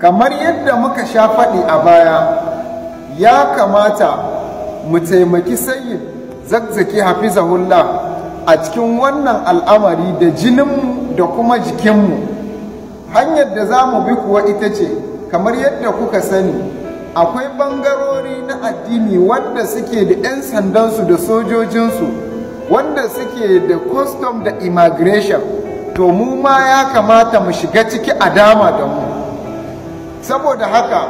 kamar yadda muka sha faɗi a baya ya kamata mu taimaki sayin zazzaki hulla a cikin wannan al'amari da jininmu da kuma jikinmu hanyar da za mu bi kuwa ita ce kamar yadda kuka sani akwai ɓangarori na addini wanda suke da 'yan sandansu da sojojinsu wanda suke da custom da immigration to mu ma ya kamata mu shiga ciki a dama da mu saboda haka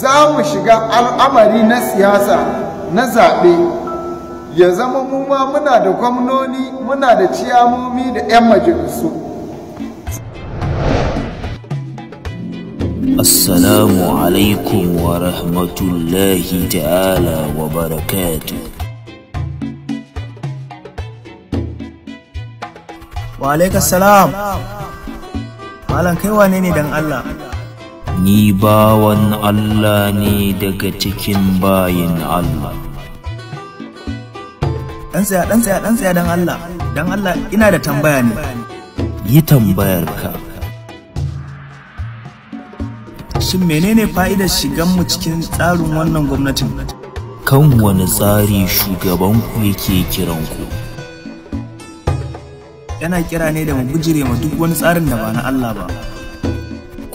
za mu shiga al'amari na siyasa na zaɓe ya zama mu ma muna da gwamnoni muna da ciyamomi da 'yan majalisu assalamu alaikum wa rahmatullahi ta'ala wa barakatu wa alaikassalam malam kai wane ne don allah ni bawan Allah ne daga cikin bayin Allah dan tsaya dan tsaya dan tsaya dan Allah dan Allah ina da tambaya ne yi tambayar ka shin menene fa'idar shigan mu cikin tsarin wannan gwamnatin kan wani tsari shugaban ku yake kiran ku yana kira ne da mu bujire ma duk wani tsarin da ba na Allah ba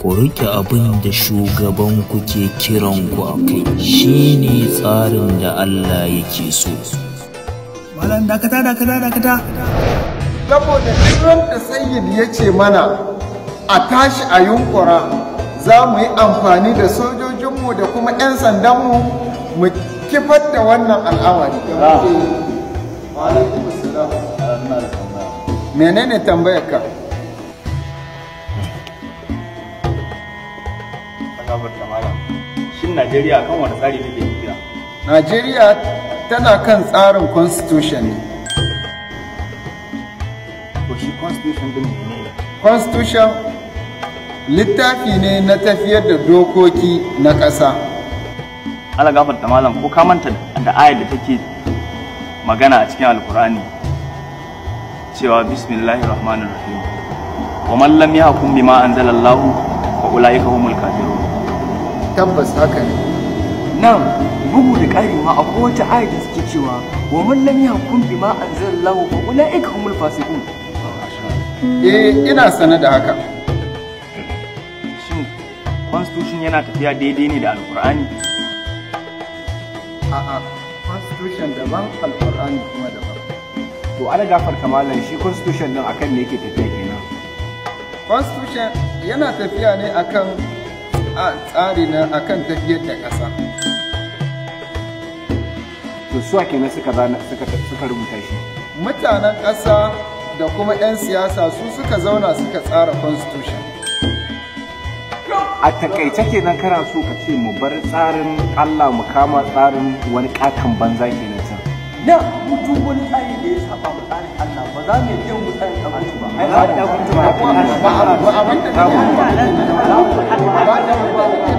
ku rike abin da shugaban ku ke kiran ku a kai shine tsarin da Allah yake so malam dakata dakata dakata saboda kiran da sayyid ya ce mana a tashi a yunkura za mu yi amfani da sojojinmu da kuma 'yan sandanmu mu kifar da wannan al'amari menene tambayar ka gafarta malam shin najeriya kan wani tsari take tafiya najeriya tana kan tsarin constitution ne to shi constitution din ne constitution littafi ne na tafiyar da dokoki na ƙasa ala gafarta malam ko ka manta da ayar da take magana a cikin alkur'ani cewa bismillahir rahmanir rahim wa man lam yahkum bima anzalallahu fa ulaika humul kafirun tabbas haka ne nan bugu da ƙari ma a kowace ayi da suke cewa wa man lam yahkum bima anzalallahu fa ulaika humul fasiqun eh ina sane da haka shin constitution yana tafiya daidai ne da alqur'ani a'a constitution daban alqur'ani kuma daban to ana gafar kamalan shi constitution din akan ne yake tafiya kenan constitution yana tafiya ne akan a tsari na akan tafiyar da ƙasa to suwa kenan suka zana suka rubuta shi mutanen ƙasa da kuma 'yan siyasa su suka zauna suka tsara constitution a takaice kenan kana so ka ce mu bar tsarin Allah mu kama tsarin wani katon banza nan can na mutum wani tsari da ya saba mu tsarin Allah ba za mu yi mu tsarin kamar ba Ba ai ba da kuma ba abin da Vai derrubar o